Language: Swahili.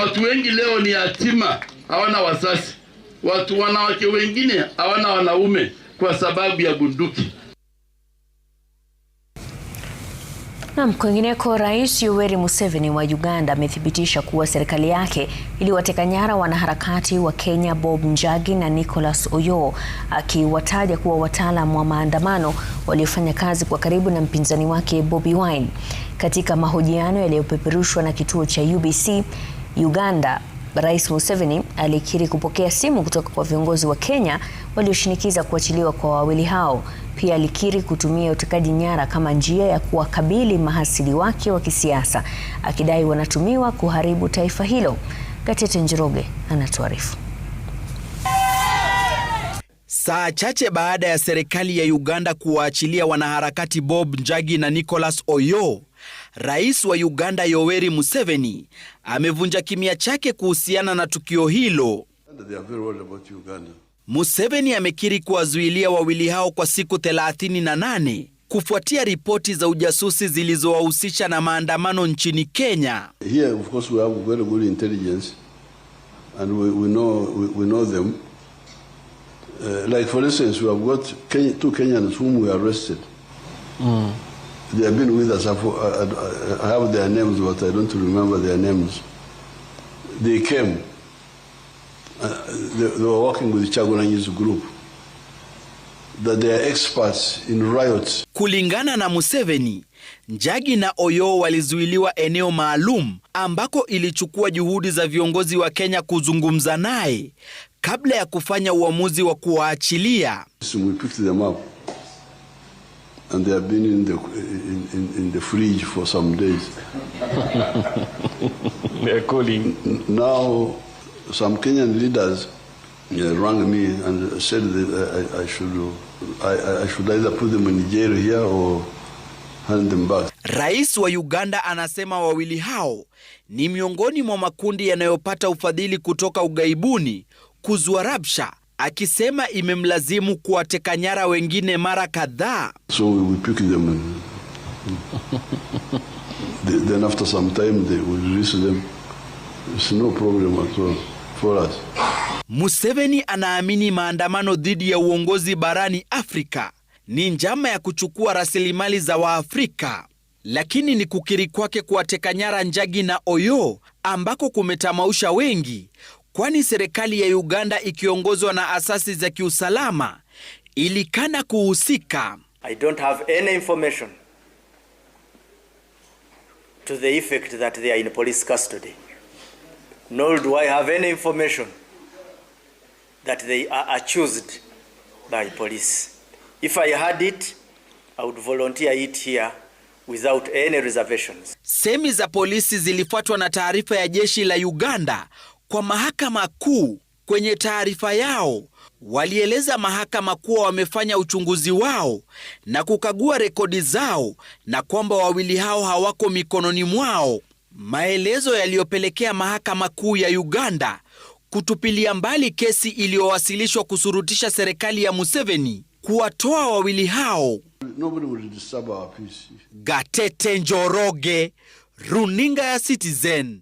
Watu wengi leo ni yatima, hawana wazazi. Watu wanawake wengine hawana wanaume kwa sababu ya bunduki. Nam, kwingineko, Rais Yoweri Museveni wa Uganda amethibitisha kuwa serikali yake iliwateka nyara wanaharakati wa Kenya Bob Njagi na Nicholas Oyoo, akiwataja kuwa wataalam wa maandamano waliofanya kazi kwa karibu na mpinzani wake Bobi Wine. Katika mahojiano yaliyopeperushwa na kituo cha UBC, Uganda, Rais Museveni alikiri kupokea simu kutoka kwa viongozi wa Kenya walioshinikiza kuachiliwa kwa wawili hao. Pia alikiri kutumia utekaji nyara kama njia ya kuwakabili mahasidi wake wa kisiasa, akidai wanatumiwa kuharibu taifa hilo. Gatete Njoroge anatuarifu. Saa chache baada ya serikali ya Uganda kuwaachilia wanaharakati Bob Njagi na Nicholas Oyo Rais wa Uganda Yoweri Museveni amevunja kimya chake kuhusiana na tukio hilo. Museveni amekiri kuwazuilia wawili hao kwa siku 38 kufuatia ripoti za ujasusi zilizowahusisha na maandamano nchini Kenya. Here, of course, we have very good intelligence and we, we know, we, we know them. Uh, like for instance, we have got two Kenyans whom we arrested. Mm. They have been with us. I have their names, but I don't remember their names. They came. Uh, they, they, were working with Chagulanyi's group. That they are experts in riots. Kulingana na Museveni, Njagi na Oyoo walizuiliwa eneo maalum ambako ilichukua juhudi za viongozi wa Kenya kuzungumza naye kabla ya kufanya uamuzi wa kuwaachilia. So we picked them up and they have been in the in, in, in the fridge for some days. they are cooling. Now, some Kenyan leaders uh, rang me and said that I, I should I, I should either put them in jail here or hand them back. Rais wa Uganda anasema wawili hao ni miongoni mwa makundi yanayopata ufadhili kutoka ugaibuni kuzua rabsha akisema imemlazimu kuwateka nyara wengine mara kadhaa. So we pick them and... Then after some time they will release them. It's no problem at all for us. Museveni anaamini maandamano dhidi ya uongozi barani Afrika ni njama ya kuchukua rasilimali za Waafrika, lakini ni kukiri kwake kuwateka nyara Njagi na Oyo ambako kumetamausha wengi kwani serikali ya Uganda ikiongozwa na asasi za kiusalama ilikana kuhusika. I don't have any information to the effect that they are in police custody. Nor do I have any information that they are accused by police. If I had it, I would volunteer it here without any reservations. Semi za polisi zilifuatwa na taarifa ya jeshi la Uganda kwa mahakama kuu. Kwenye taarifa yao walieleza mahakama kuwa wamefanya uchunguzi wao na kukagua rekodi zao na kwamba wawili hao hawako mikononi mwao, maelezo yaliyopelekea mahakama kuu ya Uganda kutupilia mbali kesi iliyowasilishwa kusurutisha serikali ya Museveni kuwatoa wawili hao. Gatete Njoroge, runinga ya Citizen.